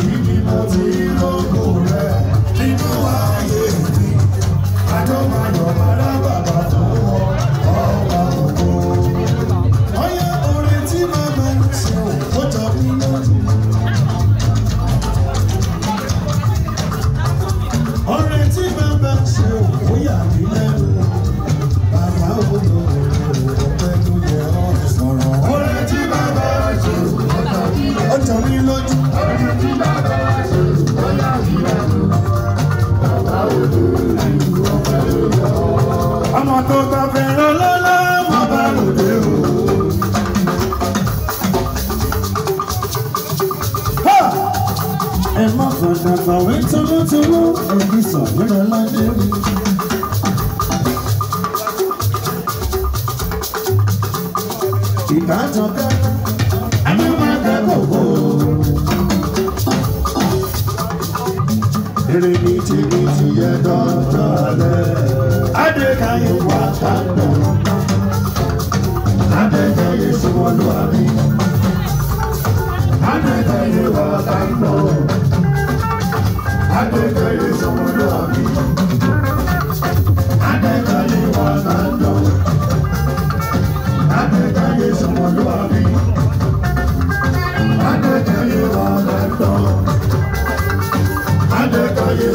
Baby, my teeth are cold àwọn tó ta fẹ́ràn lọ́lá wọn bá lòdì o. ẹ má fọ̀dà kọ̀wé túnútúnú ẹbí sọ̀rọ̀ lọ́dẹ rí. ìbátan ká àwọn máa ká kòkó. èrè bìtìbìtì yẹ dọ́jọ́ alẹ́ adékayé wà kàndọ̀ adékayé sọ̀wọ́lù àbí adékayé wà kàndọ̀ adékayé. Under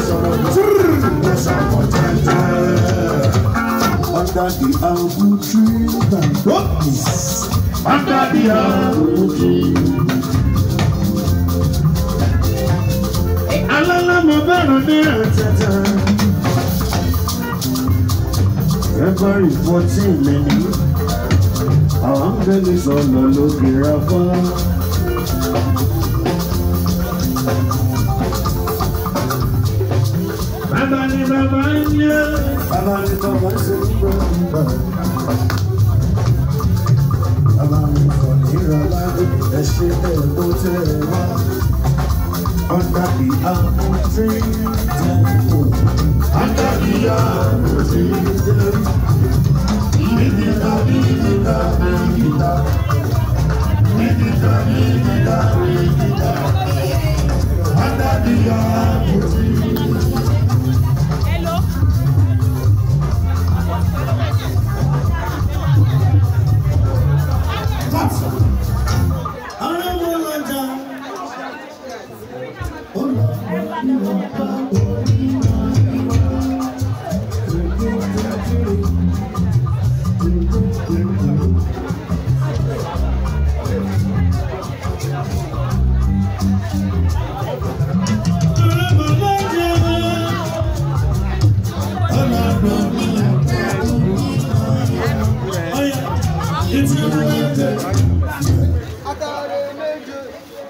the apple tree, thy rockness. Under the apple tree. Alala mo bẹ̀rù ní àtẹ̀tẹ̀. February fourteen lẹ́nu, àwọn ń gbé mi sọ̀lọ̀ lókè ráfá. Bàbá ni bàbá ń yẹ. Bàbá ni bàbá ń ṣe nígbà nígbà. Bàbá mi kò ní ìrọ̀lá ẹ ṣe ẹ̀gbọ́n tẹ̀ wá. Under the apple tree temple. Under the apple tree temple. Honorable London, Honorable London,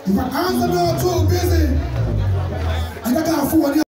My hands are not too busy. I got food.